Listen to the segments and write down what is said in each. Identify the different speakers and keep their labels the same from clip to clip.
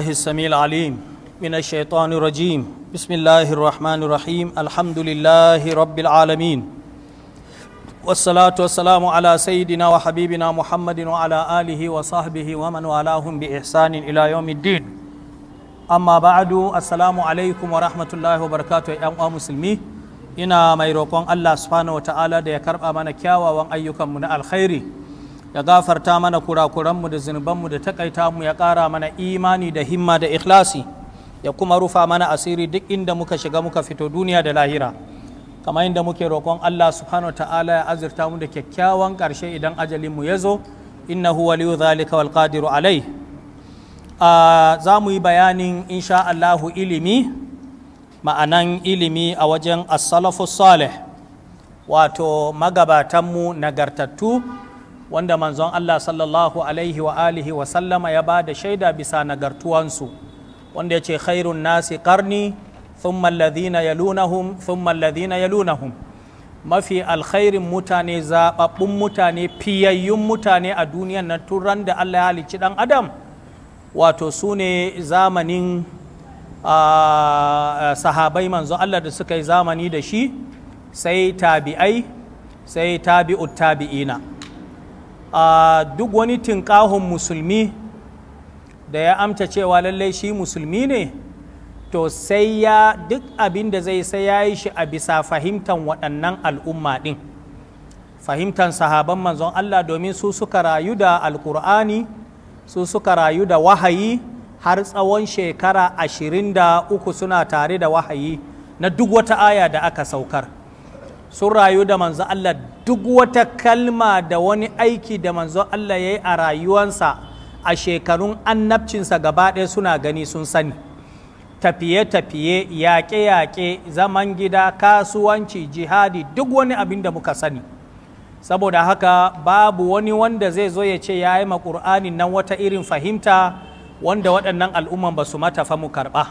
Speaker 1: الله السميع العليم من الشيطان الرجيم بسم الله الرحمن الرحيم الحمد لله رب العالمين والصلاة والسلام على سيدنا وحبيبنا محمد وعلى آله وصحبه ومن والاهم بإحسان إلى يوم الدين أما بعد السلام عليكم ورحمة الله وبركاته يا مسلمي إنا ما يروقون الله سبحانه وتعالى ديكرب أمانا كيا karɓa أيكم من الخيري ya gafarta mana kurakuranmu da zunubanmu da takaita mu ya ƙara mana imani da himma da ikhlasi ya kuma rufa mana asiri duk inda muka shiga muka fito duniya da lahira kamar inda muke roƙon Allah subhanahu ta'ala ya azurta mu da kyakkyawan ƙarshe idan ajalin mu ya zo innahu waliyu zalika wal qadiru alai za mu yi bayanin insha Allahu ilimi ma'anan ilimi a wajen as-salafus salih wato magabatanmu nagartattu wanda manzon Allah sallallahu alaihi wa alihi wa sallama ya ba da shaida bisa nagartuwansu wanda ya ce khairun nasi karni thumma alladhina yalunahum thumma alladhina yalunahum mafi alkhairin mutane zababbun mutane fiyayyun mutane a duniyan nan turan da Allah ya halicci dan adam wato su ne zamanin sahabai manzon Allah da suka yi zamani da shi sai tabi'ai sai tabi'ut tabi'ina a duk wani tinkahun musulmi da ya amta cewa lallai shi musulmi ne to sai ya duk abin da zai sai ya yi shi a bisa fahimtan waɗannan al'umma ɗin fahimtan sahaban manzon Allah domin su suka rayu da alkur'ani su suka rayu da wahayi har tsawon shekara ashirin da uku suna tare da wahayi na duk wata aya da aka saukar sun rayu da manzon Allah duk wata kalma da wani aiki da manzon Allah ya yi a rayuwansa a shekarun annabcinsa gaba ɗaya suna gani sun sani tafiye-tafiye yaƙe-yaƙe zaman gida kasuwanci jihadi duk wani abin da muka sani saboda haka babu wani wanda zai zo ya ce ya yi maƙur'anin nan wata irin fahimta wanda waɗannan al'umman ba su matafa mu karɓa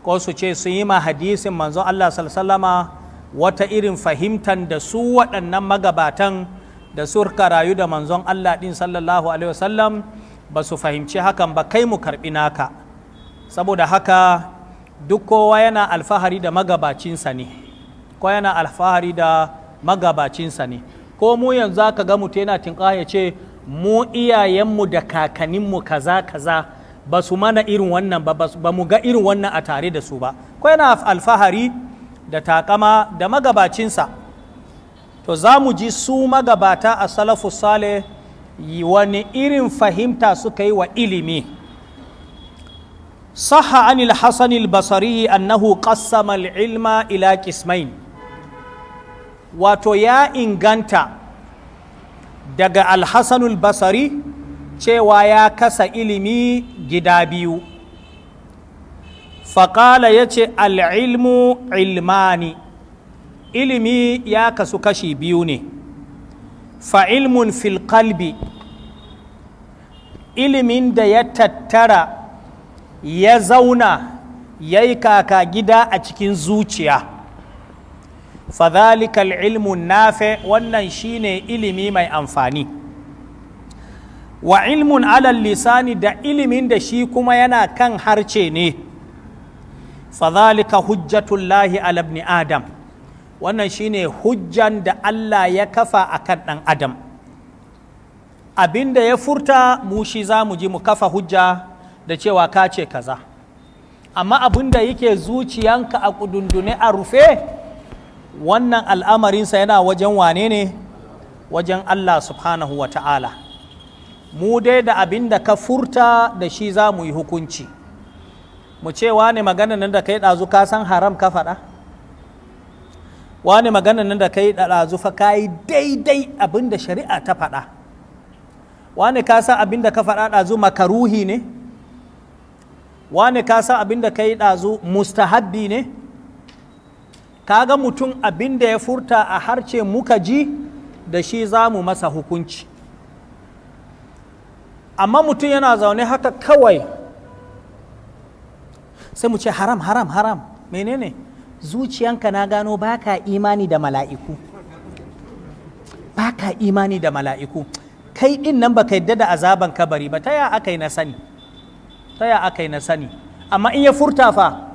Speaker 1: ko su ce sun yi ma hadisin manzon Allah sallallahu wata irin fahimtan da su waɗannan magabatan da surka rayu da manzon Allah ɗin sallallahu alaihi wasallam ba su fahimci hakan ba kai mu karɓi naka saboda haka duk kowa yana alfahari da magabacinsa ne ko yana alfahari da magabacinsa ne ko mu yanzu ka ga mutu yana tinka ya ce mu iyayenmu da kakanninmu kaza kaza ba su mana irin wannan ba ba mu ga irin wannan a tare da su ba ko yana alfahari da taƙama da magabacinsa to za mu ji su magabata a salafu sale wani irin fahimta suka yi wa ilimi saha anil hasan basari annahu qassama ilma ila qismain wato ya inganta daga al basari cewa ya kasa ilimi gida biyu faƙala ya ce al'ilmu ilmani ilimi ya kasu kashi biyu ne fa'ilmun filƙalbi ilimin da ya tattara ya zauna ya yi kaka gida a cikin zuciya fadhalika ilmun nafe wannan shine ilimi mai amfani wa ilmun alal lisani da ilimin da shi kuma yana kan harce ne fadhalika hujjatullahi ala ibn adam wannan shine hujjan da Allah ya kafa akan ɗan adam abinda ya furta mu shi za mu ji mu kafa hujja da cewa ka ce kaza amma abinda yake zuciyanka a kudundune a rufe wannan al'amarinsa yana wajen wane ne wajen Allah subhanahu wa ta'ala mu dai da abinda ka furta da shi za mu yi hukunci mu ce wani magana nan da kai ɗazu ka san haram ka faɗa wani magana nan da kai ɗazu fa ka yi daidai abin da shari'a ta faɗa wani ka san abin da ka faɗa ɗazu makaruhi ne wani ka san abin da ka yi ɗazu mustahabbi ne kaga mutum abin da ya furta a harce muka ji da shi za mu masa hukunci amma mutum yana zaune haka kawai sai mu ce haram haram haram menene zuciyanka na gano baka imani da mala'iku baka imani da mala'iku kai din nan baka yadda da azaban kabari ba ta ya aka yi na sani ta ya aka yi na sani amma in ya furta fa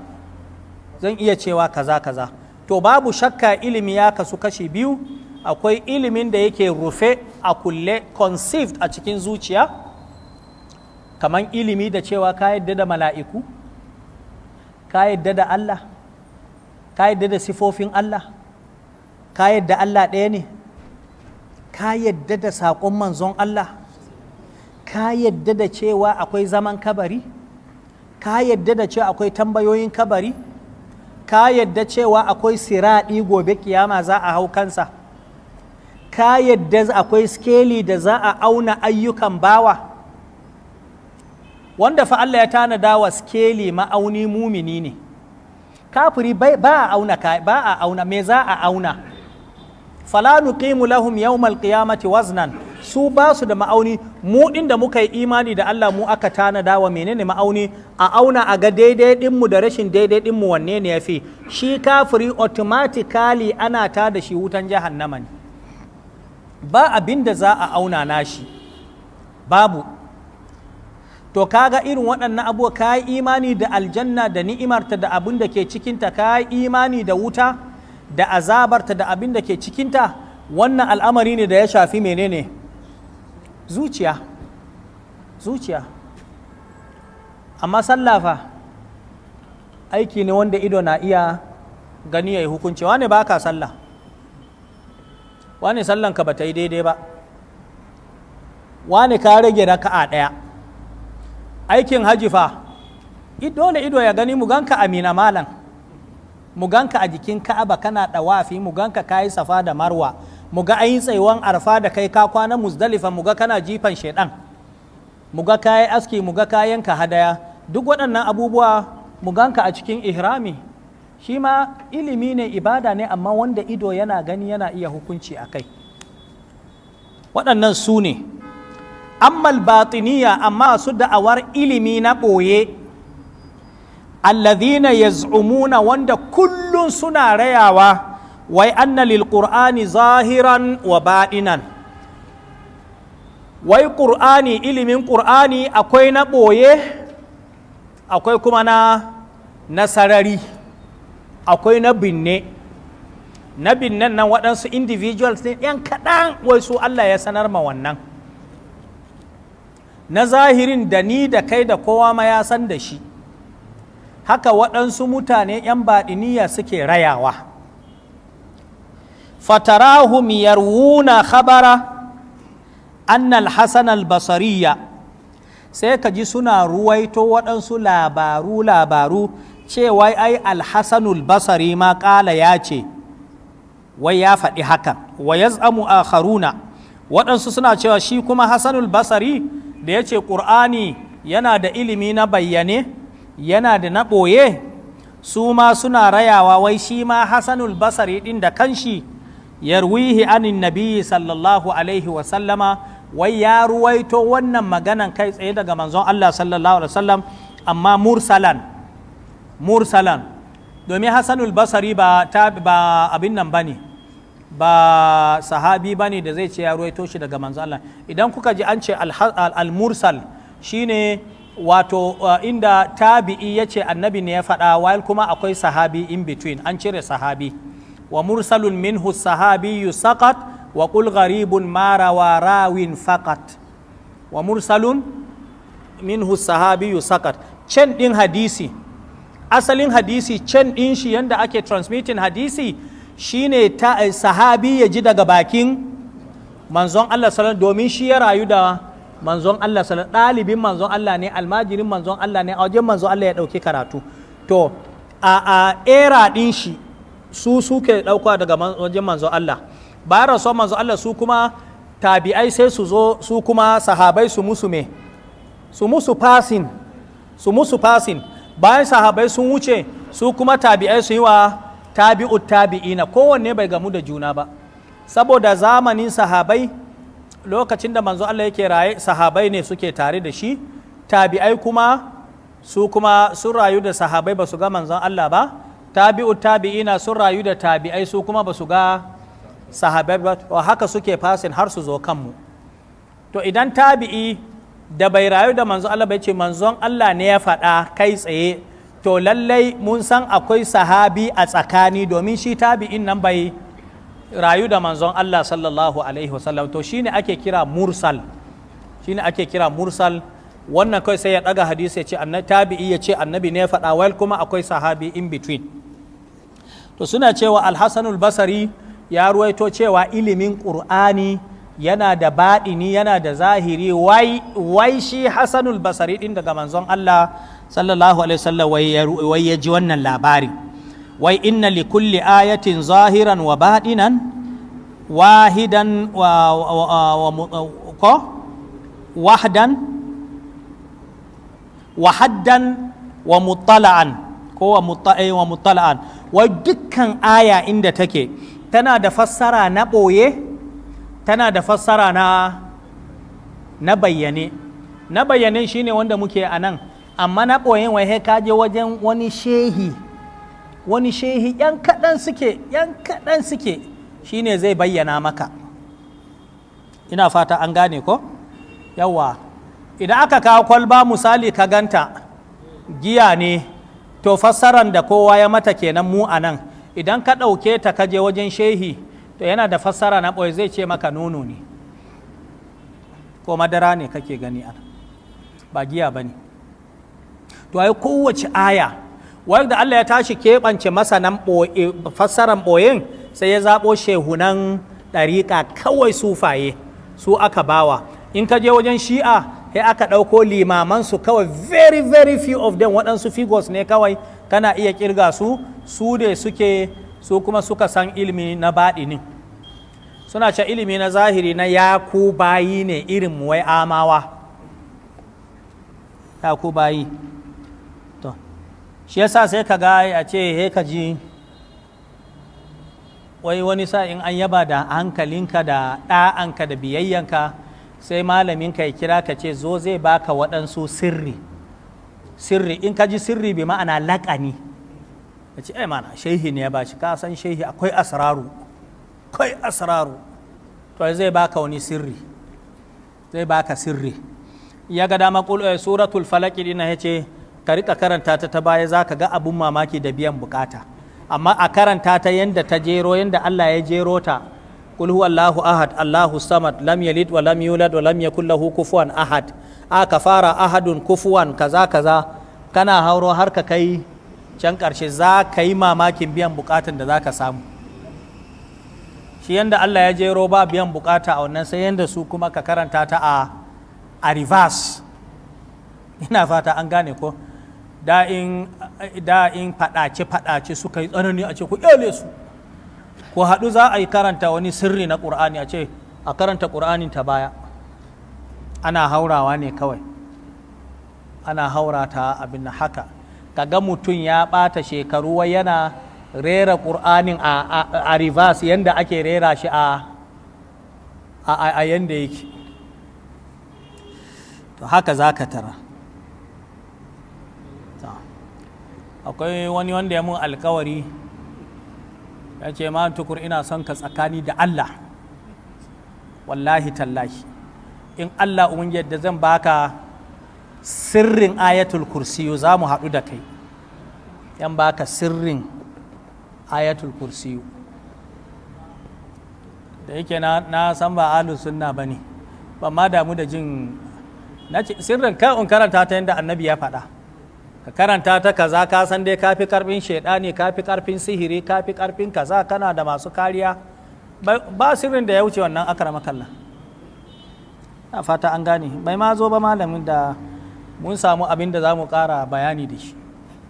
Speaker 1: zan iya cewa kaza kaza to babu shakka ilimi ya kasu kashi biyu akwai ilimin da yake rufe a kulle conceived a cikin zuciya kamar ilimi da cewa ka yadda da mala'iku ka yadda da Allah ka yadda da sifofin Allah ka yadda Allah ɗaya ne ka yadda da saƙon manzon Allah ka yadda da cewa akwai zaman kabari ka yadda da cewa akwai tambayoyin kabari ka yadda cewa akwai siraɗi gobe kiyama za a hau kansa ka yadda akwai skeli da za a auna ayyukan bawa wanda fa Allah ya tanada wa skeli ma'auni mumini ne kafiri ba a auna ba a auna me za a auna Falanu nuqimu lahum yawmal qiyamati waznan su ba su da ma'auni mu din da muka yi imani da Allah mu aka tanada wa menene ma'auni a auna a ga daidai din mu da rashin daidai din mu wanne ne yafi shi kafiri automatically ana ta da shi wutan jahannama ne ba abinda za a auna nashi babu to kaga irin waɗannan abubuwa ka yi imani da aljanna da ni'imarta da abin da ke cikinta ka yi imani da wuta da azabarta da abin da ke cikinta wannan al'amari ne da ya shafi menene zuciya zuciya amma sallafa aiki ne wanda ido na iya gani ya yi hukunci wane ba ka sallah wane sallanka ba ta yi daidai ba wane ka rage raka'a ɗaya aikin haji fa dole ido ya gani mu ganka amina malam mu ganka a jikin ka'aba kana dawafi mu ganka kayi safa da marwa mu ga ayin tsaiwan arfa da kai ka kwana muzdalifa mu ga kana jifan shaidan mu ga kayi aski mu ga kayan hadaya duk waɗannan abubuwa mu ganka a cikin ihrami shi ma ilimi ne ibada ne amma wanda ido yana gani yana iya hukunci a kai waɗannan su ne ammal batiniya amma su da'awar ilimi na ɓoye allazina yaz'umuna wanda kullum suna rayawa wai anna lil qur'ani zahiran wa baɗinan wai ƙur'ani ilimin ƙur'ani akwai na ɓoye akwai kuma na nasarari akwai na binne na binnen nan waɗansu individuals ne 'yan kaɗan wai su Allah ya sanar ma wannan na zahirin da ni da kai da kowa ma ya san da shi haka waɗansu mutane 'yan baɗiniya suke rayawa fatarahum yarwuna khabara annal hasan al-basariya sai ka ji suna ruwaito waɗansu labaru labaru cewa ai alhassanul basari ma ƙala ya ce wai ya faɗi hakan wa ya tsamu a haruna waɗansu suna cewa shi kuma hassanul basari da ya ce ƙur'ani yana da ilimi na bayyane yana da na ɓoye su ma suna rayawa wai shi ma hasanul basari ɗin da kanshi yarwihi anin nabiyyi sallallahu alaihi wasallama wai ya ruwaito wannan maganan kai tsaye daga manzon allah sallallahu alaihi wasallam amma mursalan mursalan domin hasanul basari ba abin nan ba ne ba sahabi ba ne da zai ce ya ruwaito shi daga manzo Allah idan kuka ji an ce al-mursal shine wato uh, inda tabi'i ya ce annabi ne ya faɗa while kuma akwai sahabi in between an cire sahabi wa mursalun minhu sahabi yusaqat wa qul gharibun ma rawa rawin faqat wa mursalun minhu sahabi yusaqat can din hadisi asalin hadisi can din shi yanda ake transmitting hadisi shine ta eh, sahabi ya ji daga bakin manzon Allah sallallahu domin shi ya rayu da manzon Allah sallallahu ɗalibin manzon Allah ne almajirin manzon Allah ne a wajen manzon Allah ya dauke karatu to a era ɗin shi su suke ɗauka daga wajen manzon Allah bayan rasuwar manzon Allah su kuma tabi'ai sai su zo su kuma sahabai su musu me su musu fasin su musu fasin bayan sahabai sun wuce su kuma tabi'ai su yi wa tabi'u tabi'ina kowanne bai gamu da juna ba saboda zamanin sahabai lokacin da manzo Allah yake raye sahabai ne suke tare da shi tabi'ai kuma su kuma sun rayu da sahabai ba su ga manzon Allah ba tabi'u tabi'ina sun rayu da tabi'ai su kuma ba su ga sahabai ba haka suke fasin har su zo kanmu to idan tabi'i da bai rayu da manzo Allah bai ce manzon Allah ne ya faɗa kai tsaye to lallai mun san akwai sahabi a tsakani domin shi tabi'in nan bai rayu da manzon Allah sallallahu alaihi wasallam to shine ake kira mursal shine ake kira mursal wannan kai sai ya daga hadisi ya ce annabi tabi'i ya ce annabi ne ya faɗa wa kuma akwai sahabi in between to suna cewa alhassanul basari ya ruwaito cewa ilimin ƙur'ani yana da baɗini yana da zahiri wai shi hassanul basari ɗin daga manzon Allah sallallahu alaihi wasallam wai ya ji wannan labarin wai inna li kulli ayatin zahiran wa badinan wahidan wa, ko wahdan wa ko wa mutalaan, eh, wai dukkan aya inda take tana da fassara na ɓoye tana da fassara na na bayyane na bayyane shine wanda muke a nan amma na ɓoyin wai ka je wajen wani shehi wani shehi yan kaɗan suke yan kaɗan suke shine zai bayyana maka ina fata an gane ko yawa idan aka kawo kwalba misali ka ganta giya ne to fassaran da kowa ya mata kenan mu a nan idan ka ɗauke ta ka je wajen shehi to yana da fassara na ɓoye zai ce maka nono ne ko madara ne kake gani a ba giya ba ne to ai kowace aya da Allah ya tashi keɓance masanan fassaran ɓoyin sai ya zaɓo shehunan ɗariƙa kawai sufaye su aka bawa in ka je wajen shi'a sai aka ɗauko limamansu kawai very very few of them waɗansu figures ne kawai kana iya ƙirga su su ne suke su kuma suka san ilimi na baɗini suna ce ilimi na zahiri na ku bayi ne irin wai amawa ku bayi shi yasa sai ka ga a ce he ka ji wai wani sa'in an yaba da hankalinka da ɗa'anka da biyayyanka sai malaminka ya kira ka ce zo zai baka waɗansu sirri sirri in ka ji sirri bi ma'ana laƙani ya ce ai eh mana shehi ne ya ba shi ka san shehi akwai asraru akwai asraru to zai baka wani sirri zai baka sirri ya ga dama eh, suratul falaki dina ya ce ka rika karanta ta ta baya za ka ga abun mamaki da biyan bukata amma a karanta ta yadda ta jero yadda Allah ya jero ta kul huwallahu ahad Allahu samad lam yalid wa lam yulad wa lam yakul lahu kufuwan ahad a ka fara ahadun kufuwan kaza kaza kana hauro har ka kai can karshe za ka yi mamakin biyan bukatan da za ka samu shi yadda Allah ya jero ba biyan bukata a wannan sai yadda su kuma ka karanta ta a a reverse ina fata an gane ko da in faɗace-faɗace suka yi tsanani a ce ku ƙyale su ku haɗu za a yi karanta wani sirri na ƙur'ani a ce a karanta ƙur'anin ta baya ana haurawa ne kawai ana haura ta abin haka kaga mutum ya ɓata shekaru wai yana rera ƙur'anin a, rivers yadda ake rera shi a, a yadda yake to haka za ka tara akwai wani wanda ya mun alkawari ya ce ma tukur ina son ka tsakani da Allah wallahi tallahi in Allah umin yadda zan baka sirrin ayatul kursiyu za mu haɗu da kai yan baka sirrin ayatul kursiyu da yake na san ba alu sunna ba ne ba ma damu da jin na ce sirrin kai in karanta ta yadda annabi ya faɗa ka karanta ta kaza ka san dai fi karfin shaidani fi karfin sihiri ka fi karfin kaza kana da masu kariya ba sirrin da ya wuce wannan akrama kalla a fata an gane bai ma zo ba malamin da mun samu abin da zamu kara bayani da shi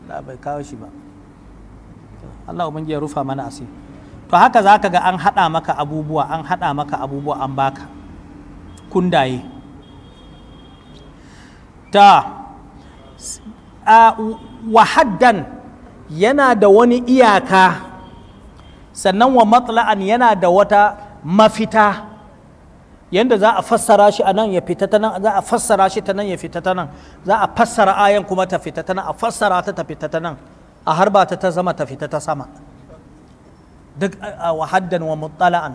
Speaker 1: da bai kawo shi ba Allah ubangi ya rufa mana asiri to haka zaka ga an haɗa maka abubuwa an haɗa maka abubuwa an baka kundaye ta wahaddan yana da wani iyaka sannan wa matla'an yana da wata mafita yadda za a fassara shi a nan ya fita ta nan za a fassara shi ta nan ya fita ta nan za a fassara ayan kuma ta fita ta nan a fassara ta ta fita ta nan a harba ta ta zama ta fita ta sama duk a wahaddan wa mutala'an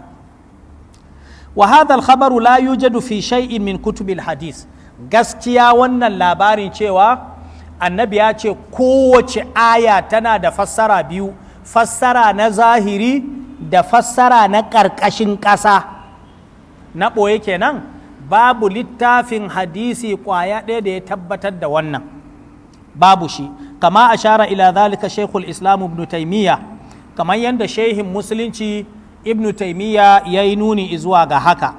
Speaker 1: wa hadha al-khabaru la yujadu fi shay'in min kutubil hadith gaskiya wannan labarin cewa annabi ya ce kowace aya tana da fassara biyu fassara na zahiri da fassara na ƙarƙashin ƙasa na ɓoye kenan babu littafin hadisi ƙwaya ɗaya da ya tabbatar da wannan babu shi kama a shara ila zalika shekul islam ibn taimiyya kamar yadda shehin musulunci ibn taimiyya ya yi nuni zuwa ga haka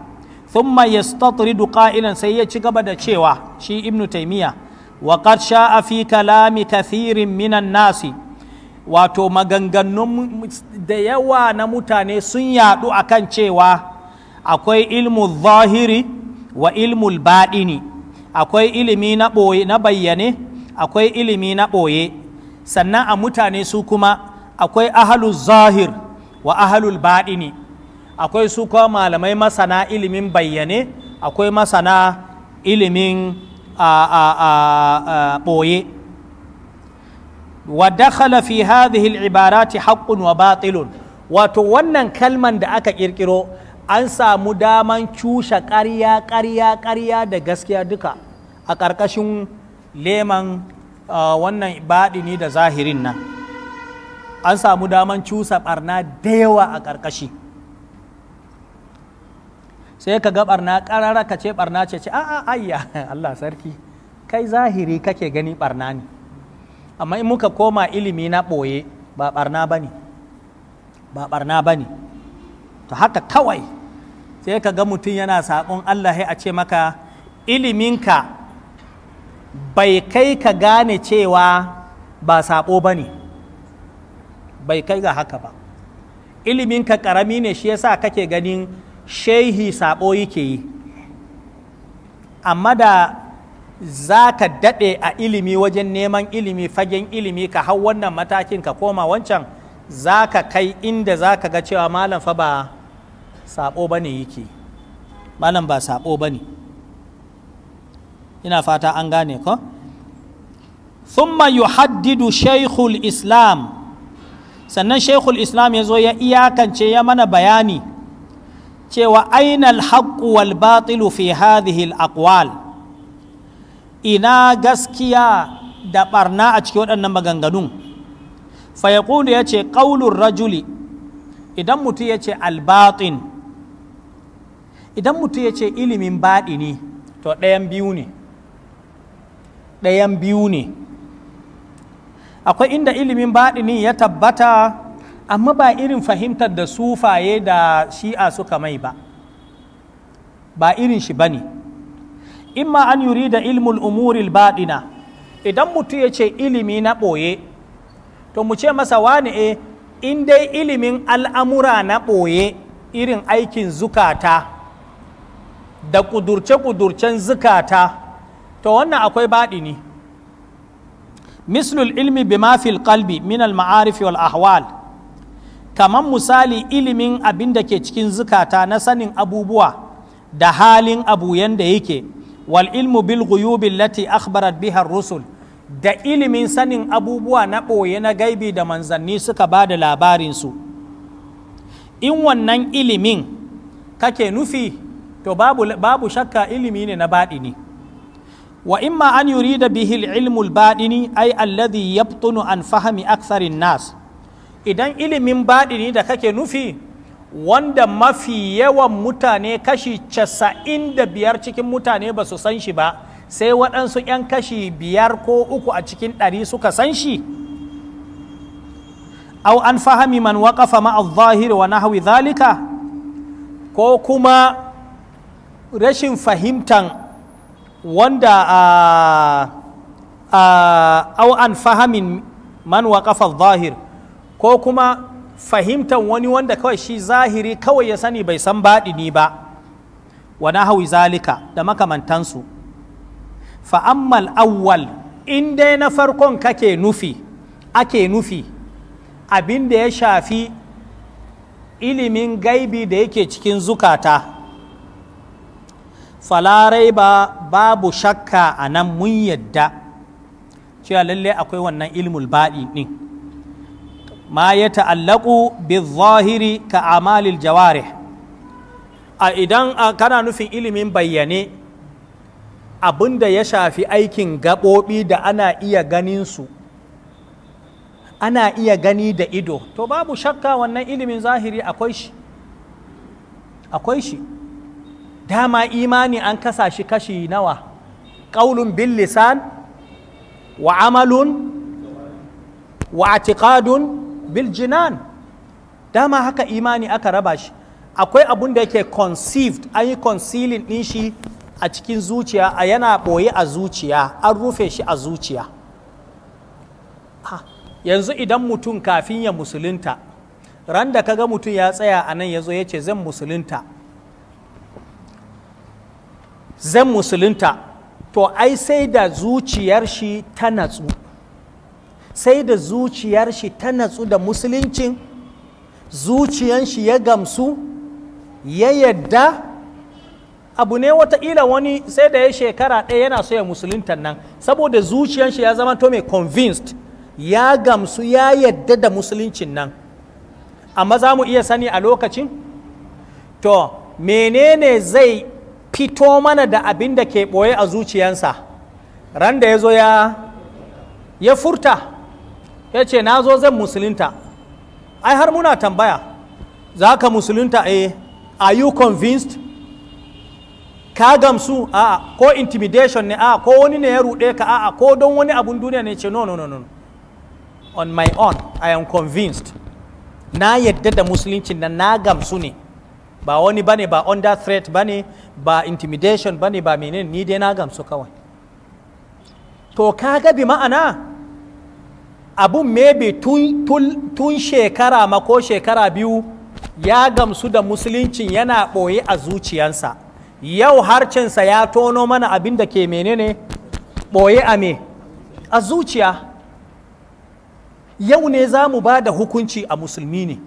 Speaker 1: thumma yastatridu qa'ilan sai ya ci gaba da cewa shi ibn taimiyya وقد شاء في كلام كثير من الناس wato maganganun da yawa na mutane sun yaɗu a kan cewa akwai ilmu zahiri wa ilmu baɗini akwai ilimi na bayyane akwai ilimi na ɓoye sannan a mutane su kuma akwai ahalul zahir wa ahalul baɗini akwai su kuma malamai masana ilimin bayyane akwai masana ilimin ɓoye wa dakhala fi hadhihi al-ibarati haqqun wa batilun wato wannan kalman da aka kirkiro an samu daman cushe ƙarya ƙarya ƙarya da gaskiya duka a ƙarƙashin leman wannan baɗini da zahirin nan an samu daman cusa ɓarna da yawa a ƙarƙashi sai ka ga barna karara ka ce barna ce ce a'a ayya Allah sarki kai zahiri kake gani barna ne amma in muka koma ilimi na ɓoye ba barna bane ba barna bane to haka kawai sai ka ga mutum yana saƙon Allah a ce maka iliminka bai kai ka gane cewa ba saɓo ba ne bai kai ga haka ba iliminka ƙarami ne shi yasa kake ganin shehi sabo yake yi amma da za ka daɗe a ilimi wajen neman ilimi fagen ilimi ka hau wannan matakin ka koma wancan za ka kai inda za ka ga cewa malam fa ba sabo ba ne yake malam ba sabo ba ne ina fata an gane ko thumma yuhaddidu shaykhul islam sannan shaykhul islam ya zo ya iyakance ya mana bayani cewa ainal haqqu wal batilu fi hadhihi akwal ina gaskiya da barna a cikin waɗannan maganganun fayaqulu ya ce ƙaunin rajuli idan mutum ya ce albatin idan mutum ya ce ilimin baɗi ne to ɗayan biyu ne ɗayan biyu ne akwai inda ilimin baɗi ne ya tabbata amma ba irin fahimtar da sufaye da shi'a suka mai ba ba irin shi ba ne imma an yuri da ilmul umuril baɗina idan mutum ya ce ilimi na ɓoye to mu ce masa wani e eh, in dai ilimin al'amura na ɓoye irin aikin zukata da ƙudurce-ƙudurcen zukata to wannan akwai baɗi ne mislul ilmi bi mafil qalbi min al ma'arif wal ahwal kamar misali ilimin abin da ke cikin zukata na sanin abubuwa da halin abu yanda yake wal ilmu bil ghuyubi lati akhbarat biha rusul da ilimin sanin abubuwa na ɓoye na gaibi da manzanni suka ba da labarinsu in wannan ilimin kake nufi to babu, babu shakka ilimi ne na baɗini wa imma an yurida bihi ilmul baɗini ai alladhi yabtunu an fahami aksarin nas idan ilimin baɗini da kake nufi wanda mafi yawan mutane kashi casa'in da biyar cikin mutane ba su san shi ba sai waɗansu 'yan kashi biyar ko uku a cikin ɗari suka san shi au an fahami man waƙafa ma'az wa nahwi zalika ko kuma rashin fahimtan wanda a, au an fahamin man waƙafa zahir. ko kuma fahimtar wani wanda kawai shi zahiri kawai ya sani bai san baɗi baɗini ba wa hawi zalika da makamantansu fa'ammal awwal in dai na farkon kake nufi ake nufi abin da ya shafi ilimin gaibi da yake cikin zukata falarai ba babu shakka a nan mun yadda cewa lalle akwai wannan ilmul baɗi ɗin ma ya ta'allaku zahiri ka amalil jawarih a idan kana nufin ilimin bayyane abin da ya shafi aikin gaɓoɓi da ana iya ganin su ana iya gani da ido to babu shakka wannan ilimin zahiri akwai shi dama imani an kasa shi kashi nawa ƙaulun bil lisan wa amalun wa atiqadun biljinan dama haka imani aka raba shi akwai abun da yake conceived an yi concealing ɗin shi a cikin zuciya a yana ɓoye a zuciya an rufe shi a zuciya yanzu idan mutum kafin ya musulunta ran da kaga mutum ya tsaya a nan ya zo ya ce zan musulunta zan musulunta to ai sai da zuciyar shi ta natsu sai da zuciyar shi ta natsu da musuluncin zuciyan shi ya gamsu ya yadda abu ne wataƙila wani sai da ya shekara ɗaya yana so ya musulunta nan saboda zuciyan shi ya zama to mai convinced ya gamsu ya yadda da musuluncin nan amma za mu iya sani a lokacin to menene zai fito mana da abin da ke ɓoye a zuciyansa ran da ya zo ya ya furta ya ce na zo zan musulunta ai har muna tambaya za ka musulunta eh are you convinced ka gamsu a ko intimidation ne a ko wani ne ya ruɗe ka a ko don wani abun duniya ne ce no no no no on my own i am convinced na yadda da musulunci na na gamsu ne ba wani bane ba under threat bane ba intimidation bane ba menene ni dai na gamsu kawai to kaga bi ma'ana abun maybe tun shekara ma ko shekara biyu ya gamsu da musuluncin yana ɓoye a zuciyansa yau harcinsa ya tono mana abin da ke menene ɓoye a me a zuciya yau ne za mu ba da hukunci a musulmi ne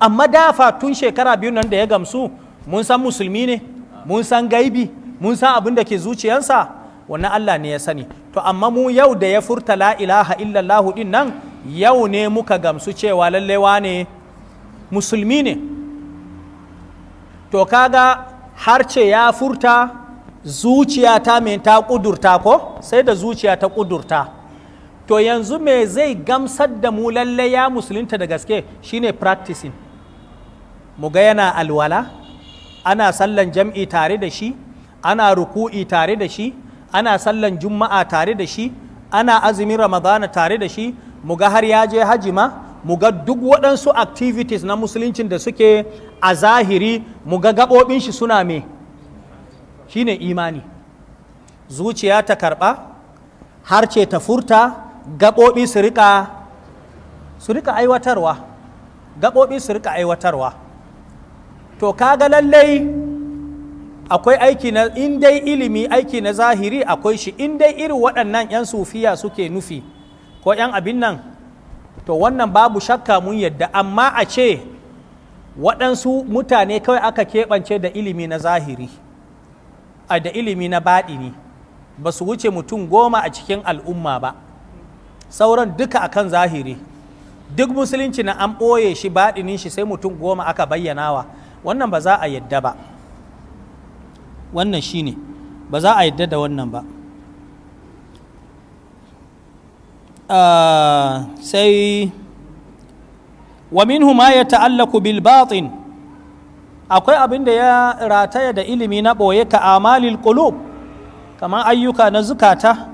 Speaker 1: amma dafa tun shekara biyu nan da ya gamsu mun san musulmi ne mun san gaibi mun san abin da ke zuciyansa wannan allah ne ya sani to amma mu yau da ya furta la ilaha illallahu din nan yau ne muka gamsu cewa lallewa ne musulmi ne to kaga har ce ya furta zuciya ta mai ta kudurta ko sai da zuciya ta kudurta to yanzu me zai gamsar da mu lalle ya musulunta da gaske shine practicing mu ga yana alwala ana sallan jam'i tare da shi ana ruku'i tare da shi ana sallan juma'a tare da shi ana azumin ramadana tare da shi mu ga har ya je haji mu ga duk waɗansu activities na musuluncin da suke a zahiri mu ga gaɓoɓin shi suna me shine imani zuciya ta karɓa ce ta furta gaɓoɓi su riƙa rika aiwatarwa gaɓoɓi su rika aiwatarwa to kaga lallai akwai aiki na in dai ilimi aiki na zahiri akwai shi in dai irin waɗannan 'yan sufiya suke nufi ko 'yan abin nan to wannan babu shakka mun yadda amma a ce waɗansu mutane kawai aka keɓance da ilimi na zahiri a da ilimi na baɗi ne ba su wuce mutum goma a cikin al'umma ba sauran duka akan zahiri duk musulunci na an ɓoye shi baɗinin shi sai mutum goma aka bayyanawa wannan ba za a yadda ba. wannan shine ba za a yadda da wannan ba ah, sai wa minhu ma ya ta'allaku bil batin akwai abin da ya rataya da ilimi na ɓoye ka amalil qulub kamar ayyuka na zukata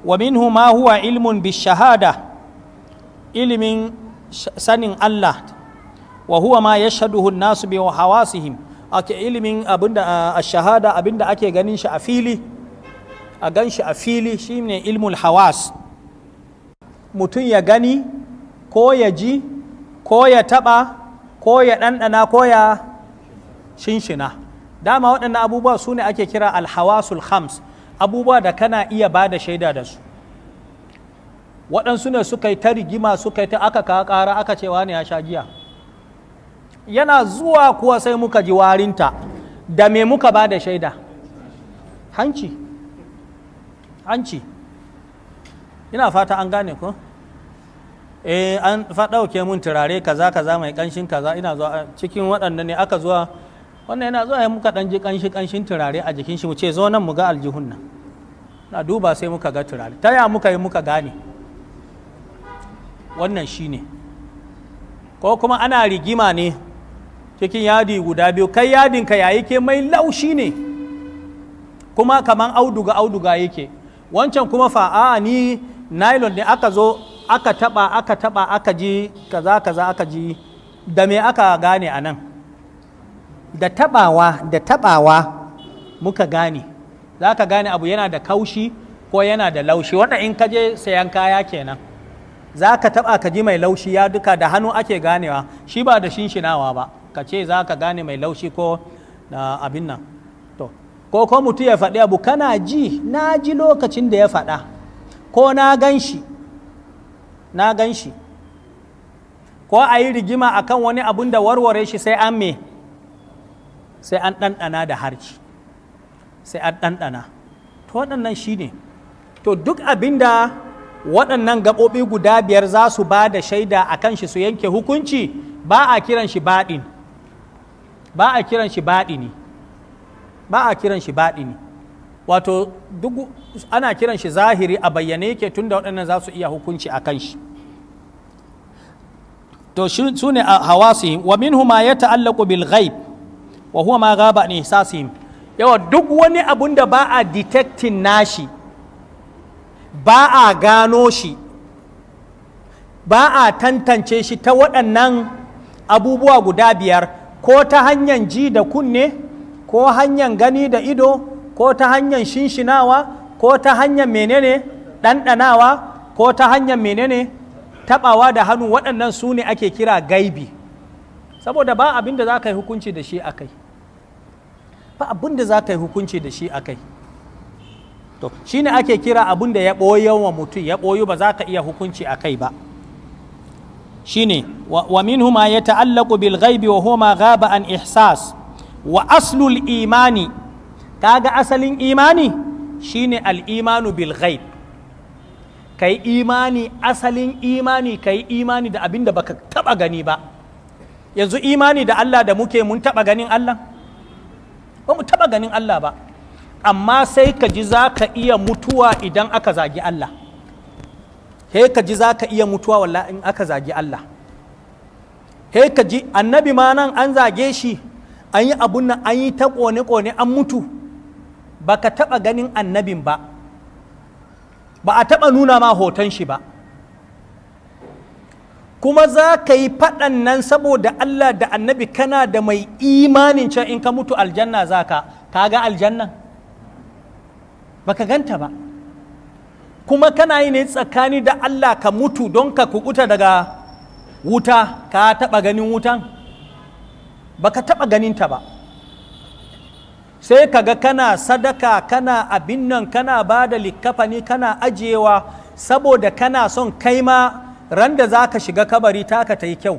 Speaker 1: wa minhu ma huwa ilmun bi shahada ilimin sanin Allah wa huwa ma yashhaduhu an-nasu bi hawasihim ake ilimin abinda a shahada abinda ake ganin shi a fili a gan shi a fili shine ilmul hawas mutum ya gani ko ya ji ko ya taba ko ya ɗanɗana ko ya shinshina dama waɗannan abubuwa su ne ake kira alhawasul khams abubuwa da kana iya ba da shaida da su waɗansu ne suka yi ta rigima suka yi ta aka kawo ƙara aka cewa ne ya sha giya yana zuwa kuwa sai muka ji warinta da me muka ba da shaida hanci hanci ina fata an gane ku? eh an faɗauke mun turare kaza kaza mai ƙanshin kaza ina zuwa cikin waɗanda ne aka zuwa wannan yana zuwa ya muka ɗan ji ƙanshi ƙanshin turare a jikin shi mu ce zo nan mu ga aljihun nan na duba sai muka ga turare ta ya muka yi muka gane wannan shine ko kuma ana rigima ne cikin yadi guda biyu kai yadinka ya yake mai laushi ne kuma kaman auduga auduga yake wancan kuma fa a ni nylon ne aka zo aka taba aka taba aka ji kaza kaza aka ji da me aka gane a nan da tabawa da tabawa muka gane za ka gane abu yana da kaushi ko yana da laushi wanda in ka je sayan kaya kenan za ka taba ka ji mai laushi ya duka da hannu ake ganewa shi ba da shinshinawa ba ka ce za ka gane mai laushi ko abin nan to ko ko mutum ya faɗi abu kana ji na ji lokacin da ya faɗa ko na gan shi na gan shi ko a yi rigima a kan wani abun da warware shi sai an me sai an ɗanɗana da harci sai an ɗanɗana to waɗannan shi ne to duk abin da waɗannan gaɓoɓi guda biyar za su ba da shaida a kan shi su yanke hukunci ba a kiran shi baɗin ba a kiran shi baɗini ba a kiran shi baɗini wato duk ana kiran shi zahiri a bayyane yake da waɗannan za su iya hukunci a kan shi to su ne a hawasihim wa min huma ya ta'allaku bil ghaib wa huwa ma gaba ne ihsasihim yawa duk wani abun da ba a detecting nashi ba a gano shi ba a tantance shi ta waɗannan abubuwa guda biyar ko ta hanyar ji da kunne ko hanyar gani da ido ko ta hanyar shinshinawa ko ta hanyar menene ɗanɗanawa ko ta hanyar menene taɓawa da hannu waɗannan su ne ake kira gaibi saboda ba abin da za ka yi hukunci da shi a kai ba abin da za ka yi hukunci da shi a kai to shi ne ake kira abin da ya ɓoye wa mutum ya ɓoyu ba za ka iya hukunci a kai ba shine wa minhuma ya ta'allaku bil ghaibi wa huma ghaba an ihsas wa aslul imani kaga asalin imani shine al imanu bil ghaib kai imani asalin imani kai imani da abinda baka taba gani ba yanzu imani da Allah da muke mun taba ganin Allah ba mu taba ganin Allah ba amma sai ka ji za ka iya mutuwa idan aka zagi Allah he ka ji za ka iya mutuwa walla in aka zagi Allah he ka ji annabi ma nan an zage shi an yi abun nan an yi ta kone-kone an mutu ba ka taɓa ganin annabin ba ba a taɓa nuna ma hoton shi ba kuma za ka yi faɗan nan saboda Allah da annabi kana da mai imanin can in ka mutu aljanna za ka ka ga aljannan ba ka ganta ba kuma kana yi ne tsakani da Allah ka mutu don ka kukuta daga wuta ka taba ganin wutan ba ka taɓa ganinta ba sai kaga kana sadaka kana abin nan kana ba da likafani kana ajiyewa saboda kana son kai ma ran da za ka shiga kabari taka ta yi kyau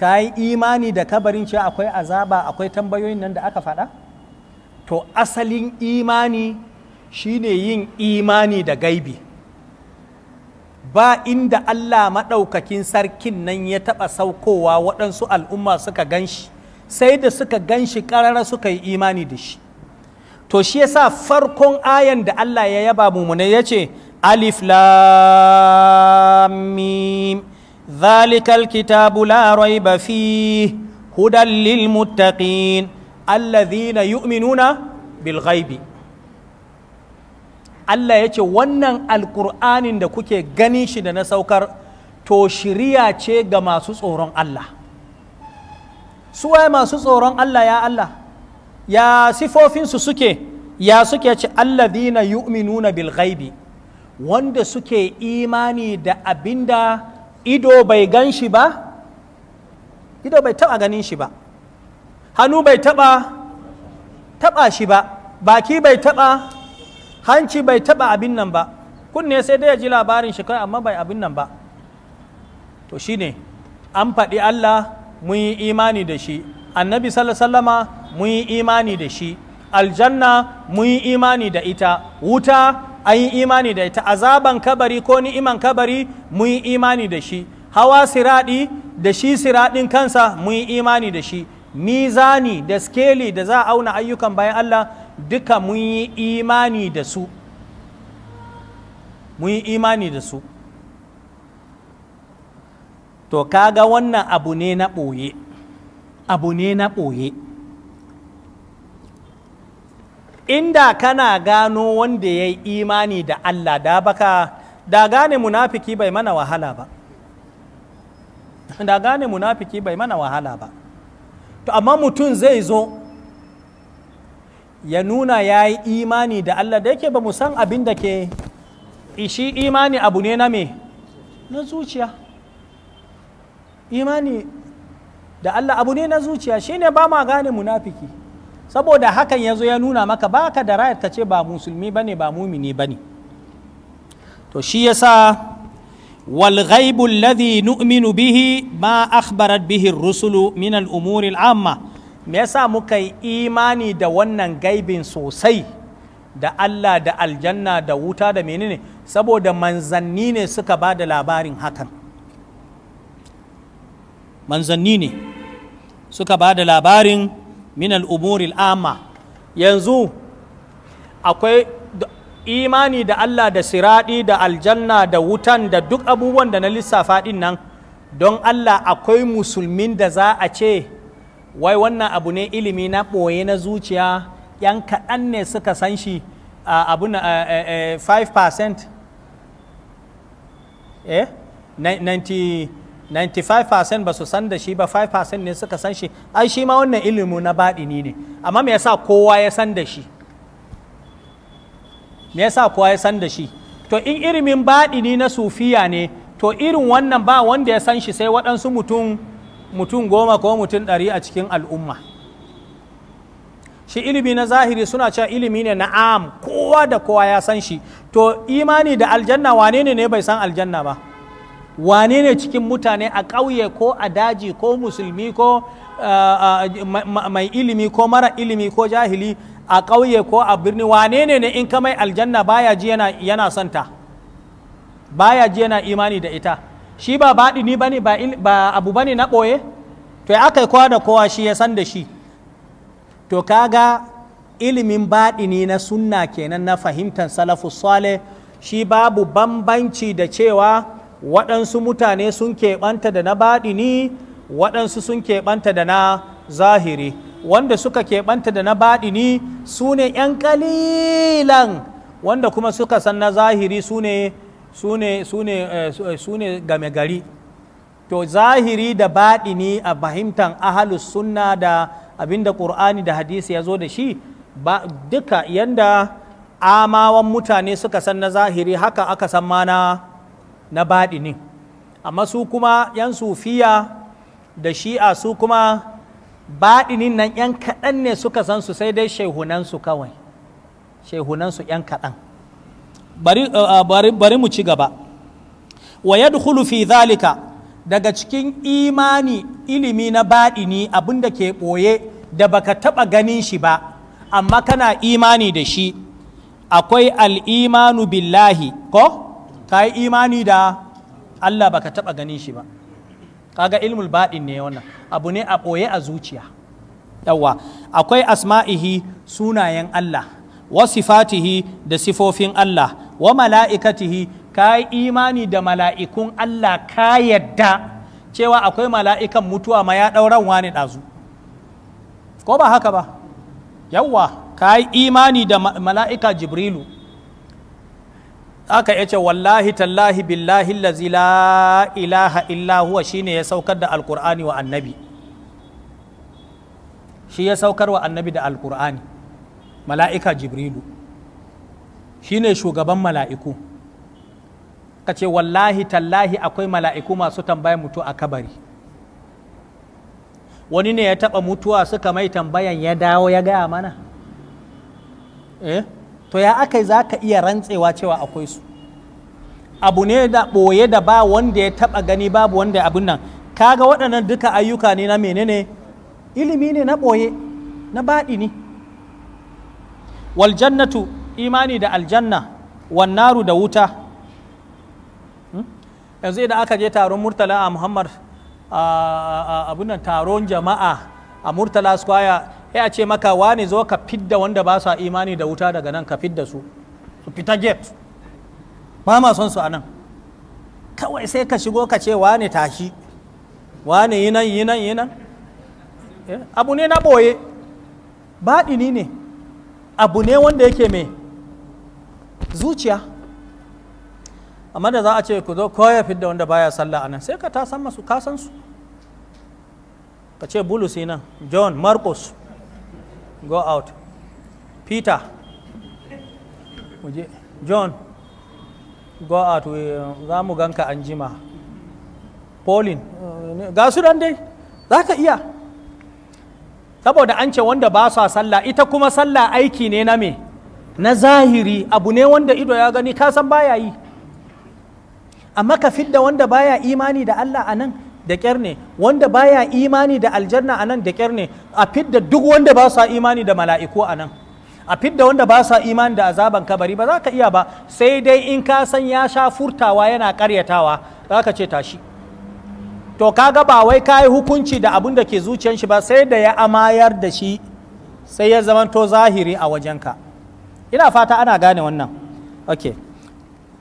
Speaker 1: ka yi imani da kabarin ce akwai azaba akwai tambayoyin nan da aka faɗa to asalin imani shine yin imani da gaibi ba inda Allah maɗaukakin sarkin nan ya taɓa saukowa waɗansu al'umma suka gan shi sai da suka gan shi ƙarara suka yi imani da shi to shi sa farkon ayan da Allah ya yaba mumune ya ce alif lam mim zalikal kitabu la raiba fi hudan lil muttaqin allazina yu'minuna bil ghaibi Allah ya ce wannan alkur'anin da kuke gani shi da na saukar to shirya ce ga masu tsoron Allah suwaye masu tsoron Allah ya Allah ya sifofinsu suke ya suke ce alladhina yu'minuna bil ghaibi wanda suke imani da abinda ido bai gan shi ba ido bai taba ganin shi ba hannu bai taba taba shi ba baki bai taba hanci bai taba abin nan ba kunne sai dai ya ji labarin shi kai amma bai abin nan ba to shine an faɗi Allah mun yi imani da shi annabi sallama mun yi imani da shi aljanna mun yi imani da ita wuta an yi imani da ita azaban kabari ko ni'iman kabari mun yi imani da shi hawa Siradi da shi Siradin kansa mun yi imani da shi mizani da skeli da za a auna ayyukan bayan Allah duka mun yi imani da su mun yi imani da su to kaga wannan abu ne na ɓoye abu ne na ɓoye inda kana gano wanda ya yi imani da Allah da baka da gane munafiki bai mana wahala ba da gane munafiki bai mana wahala ba to amma mutum zai zo ya nuna ya yi imani da Allah da yake ba mu san abin da ke ishi imani abu ne na me na zuciya imani da Allah abu ne na zuciya shine ba ma gane munafiki saboda hakan ya zo ya nuna maka baka da rayar ka ce ba musulmi bane ba mumini bane to shi yasa wal ghaibu nu'minu bihi ma akhbarat bihi ar-rusulu min al-umuri al-amma me yasa muka yi imani da wannan gaibin sosai da Allah da aljanna da wuta da menene saboda manzanni ne suka ba da labarin hakan manzanni ne suka ba da labarin min umuril amma yanzu akwai imani da Allah da siradi da aljanna da wutan da duk abubuwan da na lissafa din nan don Allah akwai musulmin da za a ce wai wannan abu ne ilimi na ɓoye na zuciya yan kaɗan ne suka san shi a abu na 5% eh 95% ba su san da shi ba 5% ne suka san shi ai shi ma wannan ilimi na baɗini ne amma me yasa kowa ya san da shi me yasa kowa ya san da shi to in irimin baɗini na sufiya ne to irin wannan ba wanda ya san shi sai waɗansu mutum mutum goma ko mutum ɗari a cikin al'umma shi ilimi na zahiri suna cewa ilimi ne na am kowa da kowa ya san shi to imani da aljanna wane ne ne bai san aljanna ba wane ne cikin mutane a ƙauye ko a daji ko musulmi ko mai ilimi ko mara ilimi ko jahili a ƙauye ko a birni wane ne ne in ka mai aljanna baya ji yana santa baya ji yana imani da ita shi ba baɗi ba ne ba abu ba ne na ɓoye to ya aka kowa da kowa shi ya san da shi to kaga ilimin baɗi ni na sunna kenan na fahimtar salafu sale shi babu bambanci da cewa waɗansu mutane sun keɓanta da na baɗi ni, waɗansu sun keɓanta da na zahiri wanda suka keɓanta da na ni su ne ‘yan ƙalilan wanda kuma suka san na zahiri su ne Eh, su eh, ne game gari to zahiri da baɗini a fahimtar ahalus sunna da abinda ƙur'ani da hadisi ya zo da shi duka yanda amawan mutane suka san na zahiri haka aka san ma na ne amma su kuma 'yan sufiya da shi'a su kuma baɗinin nan 'yan kaɗan ne suka san su sai dai shehunansu kawai shehunansu 'yan kaɗan Eh, eh, bari mu ci gaba wa ya fi zalika daga cikin imani ilimi na baɗini da ke ɓoye da baka taɓa ganin shi ba amma kana imani da shi akwai al'imanu billahi ko ka yi imani da Allah baka taɓa ganin shi ba kaga ilmul baɗin ne wannan abu ne a ɓoye a zuciya yawwa akwai asma'ihi sunayen Allah wasu fatihi da sifofin Allah wa mala'ikatihi ka yi imani da mala'ikun Allah ka yadda cewa akwai mala'ikan mutuwa ma ya ɗauran wani ɗazu ko ba haka ba yawwa ka yi imani da mala'ika jibrilu aka yace wallahi tallahi billahi lazi la ilaha illa huwa shine ya saukar da alkur'ani wa annabi shi ya saukar wa annabi da alkur'ani mala'ika jibrilu Shi ne shugaban mala'iku ka ce wallahi tallahi akwai mala'iku masu tambaya mutu a kabari wani ne ya taba mutuwa suka mai tambayan ya dawo ya gaya mana eh to ya aka yi za ka iya rantsewa cewa akwai su abu ne da ɓoye da ba wanda ya taba gani babu wanda abin nan kaga waɗannan duka ayyuka ne na menene ilimi ne na ɓoye na baɗi ne wal jannatu imani da aljanna wannaru da wuta hmm? yanzu idan aka je taron murtala a muhammad abunan taron jama'a a murtala square ya ce maka wani zo ka fidda wanda ba sa imani da wuta daga nan ka fidda su su fita gate ba ma son su a nan kawai sai ka shigo ka ce wani tashi wani yi nan yi nan yi nan eh, abu ne na ɓoye baɗini ne abu ne wanda yake mai zuciya amma da za a ce ku zo koya fidda wanda baya sallah anan sai ka ta san masu kasan su ka ce bulus nan john marcus go out peter john go out za mu ganka an jima pauline ga su dai za ka iya saboda an ce wanda ba sa sallah ita kuma sallah aiki ne na me na zahiri abu ne wanda ido ya gani kasan san baya yi amma ka fidda wanda baya imani da Allah a nan da ƙyar ne wanda baya imani da aljanna a nan da ƙyar ne a fidda duk wanda ba sa imani da mala'iku a nan a fidda wanda ba sa imani da azaban kabari ba za ka iya ba sai dai in ka san ya sha furtawa yana karyatawa za ka ce tashi to kaga ba wai ka yi hukunci da abun da ke zuciyan shi ba sai da ya amayar da shi sai ya zamanto zahiri a wajenka ina fata ana gane wannan okay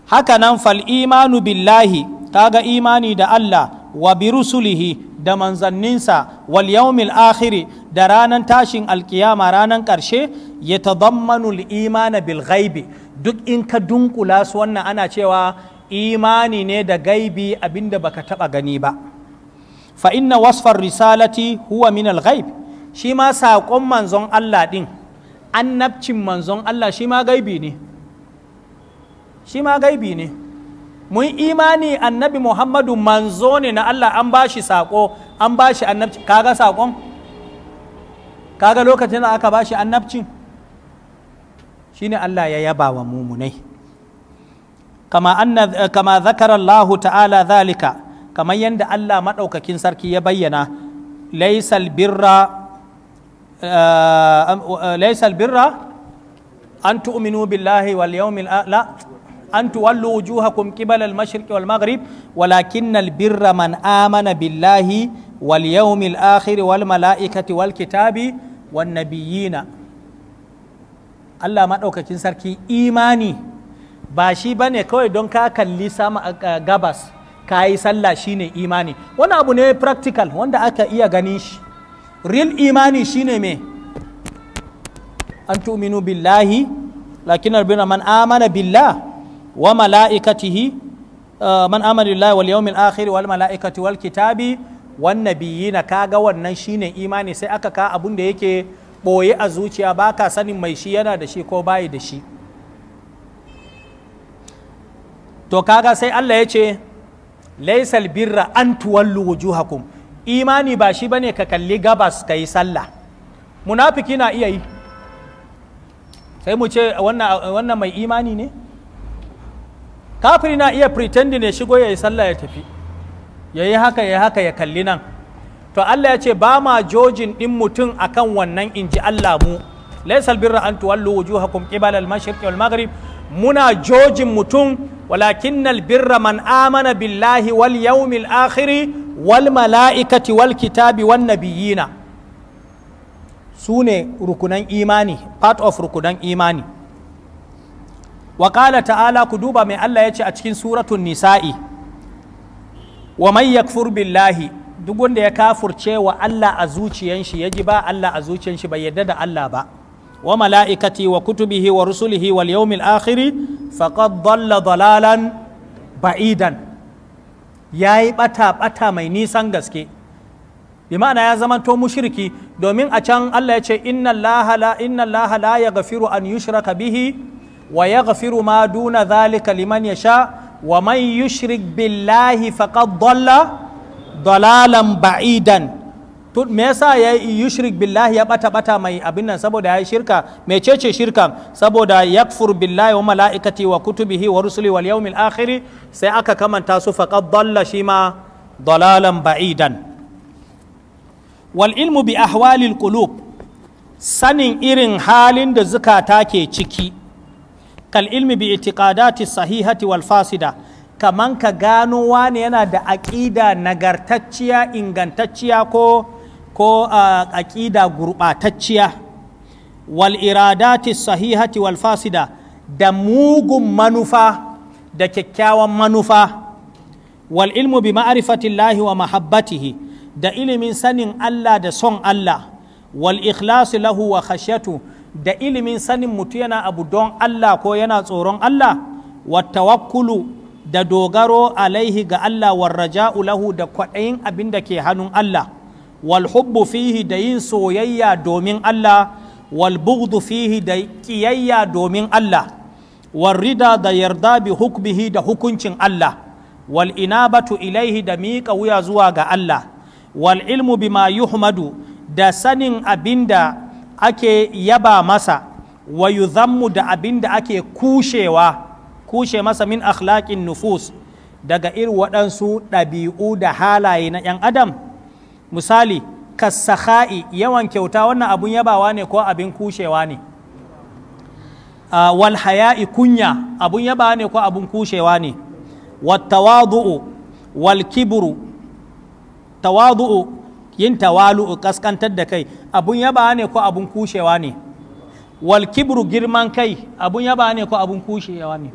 Speaker 1: haka nan fal imanu billahi kaga imani da Allah wa bi rusulihi da manzanninsa wal yawmil akhiri da ranan tashin alkiyama ranan karshe ya tadammanu imana bil ghaibi duk in ka dunkula su wannan ana cewa imani ne da gaibi abinda baka taba gani ba fa inna wasfar risalati huwa min al ghaib shi ma saƙon manzon Allah din annabcin manzon Allah shi ma gaibi ne shi ma gaibi ne mun imani annabi muhammadu manzo ne na Allah an ba shi saƙo an ba shi annabci kaga saƙon kaga lokacin da aka ba shi annabcin shine Allah ya yaba wa mumunai kama, zakar Allah ta'ala zalika kamar yadda Allah maɗaukakin sarki ya bayyana laisal birra laisal birra an tu'minu billahi wal yawmil la an tuwallu wujuhakum qibala al mashriqi wal maghrib walakinnal birra man amana billahi wal yawmil akhir wal malaikati wal kitabi wan nabiyina Allah madaukakin sarki imani ba shi bane kawai don ka kalli sama gabas kayi yi sallah shine imani wani abu ne practical wanda aka iya ganin shi real imani shine me an tu'minu billahi lakin arbina man amana billah wa mala'ikatihi uh, man amana billahi wal yawmil akhir wal mala'ikati wal kitabi wan nabiyina kaga wannan shine imani sai aka ka abun da yake boye a zuciya baka sanin mai shi yana da shi ko bai da shi to kaga sai Allah ya ce laisal birra an tuwallu wujuhakum imani ba shi ba ne ka kalli gabas ka yi sallah munafiki na iya yi sai mu ce wannan mai imani ne kafiri na iya pretending ya shigo ya yi sallah ya tafi ya yi haka ya haka ya kalli nan to Allah ya ce ba ma jojin ɗin mutum akan wannan in ji Allah mu laisal birra an tuwallu wujuhakum qibala al-mashriqi wal maghrib muna jojin mutum walakin nalbirra man amana billahi wal yawmil akhiri wal mala'ikati wal kitabi wan nabiyina su ne rukunan imani part of rukunan imani wa ta'ala ku duba mai Allah ya ce a cikin suratun nisa'i wa man yakfur billahi duk wanda ya kafurce wa Allah a zuciyanshi ya ji ba Allah a zuciyanshi bai yarda da Allah ba wa mala'ikati wa kutubihi wa rusulihi wal yawmil akhiri faqad dhalla dalalan ba'idan yayi bata bata mai nisan gaske bi ma'ana ya zamanto mushriki domin a can Allah ya ce inna allaha la inna allaha la yaghfiru an yushraka bihi wa yaghfiru ma duna zalika liman yasha wa man yushrik billahi faqad dhalla dalalan ba'idan me yasa ya yi yushrik billahi ya bata bata mai abin nan saboda ya yi shirka mecece shirkan saboda yakfur billahi wa mala'ikati wa kutubihi wa rusuli wal yawmil akhiri sai aka kamanta su faqad dalla shi ma dalalan ba'idan wal ilmu bi ahwalil qulub sanin irin halin da zukata ke ciki kal ilmi bi itiqadati sahihati wal fasida kaman ka gano wani yana da aƙida nagartacciya ingantacciya ko ko a aƙida gurɓatacciya wal iradati sahihati wal fasida da mugun manufa da kyakkyawan manufa wal ilmu bi ma'rifatillahi wa mahabbatihi da ilimin sanin Allah da son Allah wal ikhlasu lahu wa khashyatu da ilimin sanin mutu yana abu don Allah ko yana tsoron Allah wa tawakkulu da dogaro alaihi ga Allah war raja'u lahu da kwaɗayin abin da ke hannun Allah wal hubbu fihi da yin soyayya domin Allah wal bughdu fihi da kiyayya domin Allah wal rida da yarda bi hukbihi da hukuncin Allah wal inabatu ilaihi da miƙa wuya zuwa ga Allah wal ilmu bima yuhmadu da sanin abinda ake yaba masa wa yuzammu da abinda ake kushewa kushe masa min akhlaƙin nufus daga irin waɗansu ɗabi'u da halaye na 'yan adam misali kasakha'i yawan kyauta wannan abun yabawa ne ko abin kushewa ne uh, wal haya'i kunya abun yabawa ne ko abin kushewa ne Wattawadu'u tawadu'u wal kibru tawadu'u yin tawalu'u kaskantar da kai abun yabawa ne ko abin kushewa ne wal kibru girman kai abun yabawa ne ko abin kushewa ne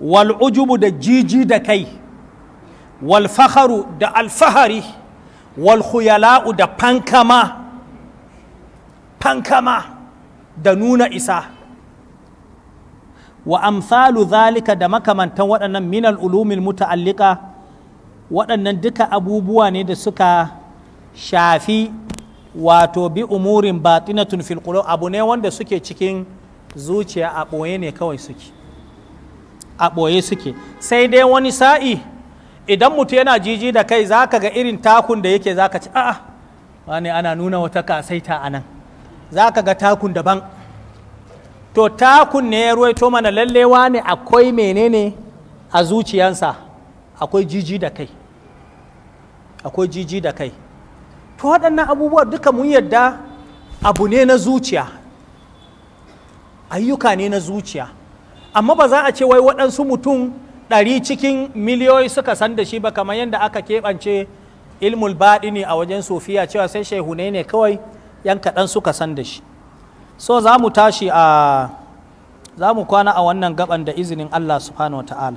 Speaker 1: wal ujubu da jiji da kai wal fakharu da alfahari walhuyala'u da fankama fankama da nuna isa wa amsalu zalika da makamantan waɗannan minal ulumin muta'allika waɗannan duka abubuwa ne da suka shafi wato bi umurin batinatun filkulo abu ne wanda suke cikin zuciya a ɓoye ne kawai suke a ɓoye suke sai dai wani sa'i idan mutu yana jiji da kai za ka ga irin takun da yake za ka ci a'a wani ana nuna wata kasaita a nan za ka ga takun daban to takun ne ya to mana lallewa ne akwai menene a zuciyansa akwai jiji da kai akwai jiji da kai to waɗannan abubuwa duka mun yadda abu ne na zuciya ayyuka ne na zuciya amma ba za a ce wai waɗansu mutum ɗari cikin miliyoyi suka san da shi ba kamar yadda aka keɓance ilmul baɗi ne a wajen sofiya cewa sai ne ne kawai yan kaɗan suka san da shi so za mu tashi a za mu kwana a wannan gaban da izinin allah subhanahu wa ta'ala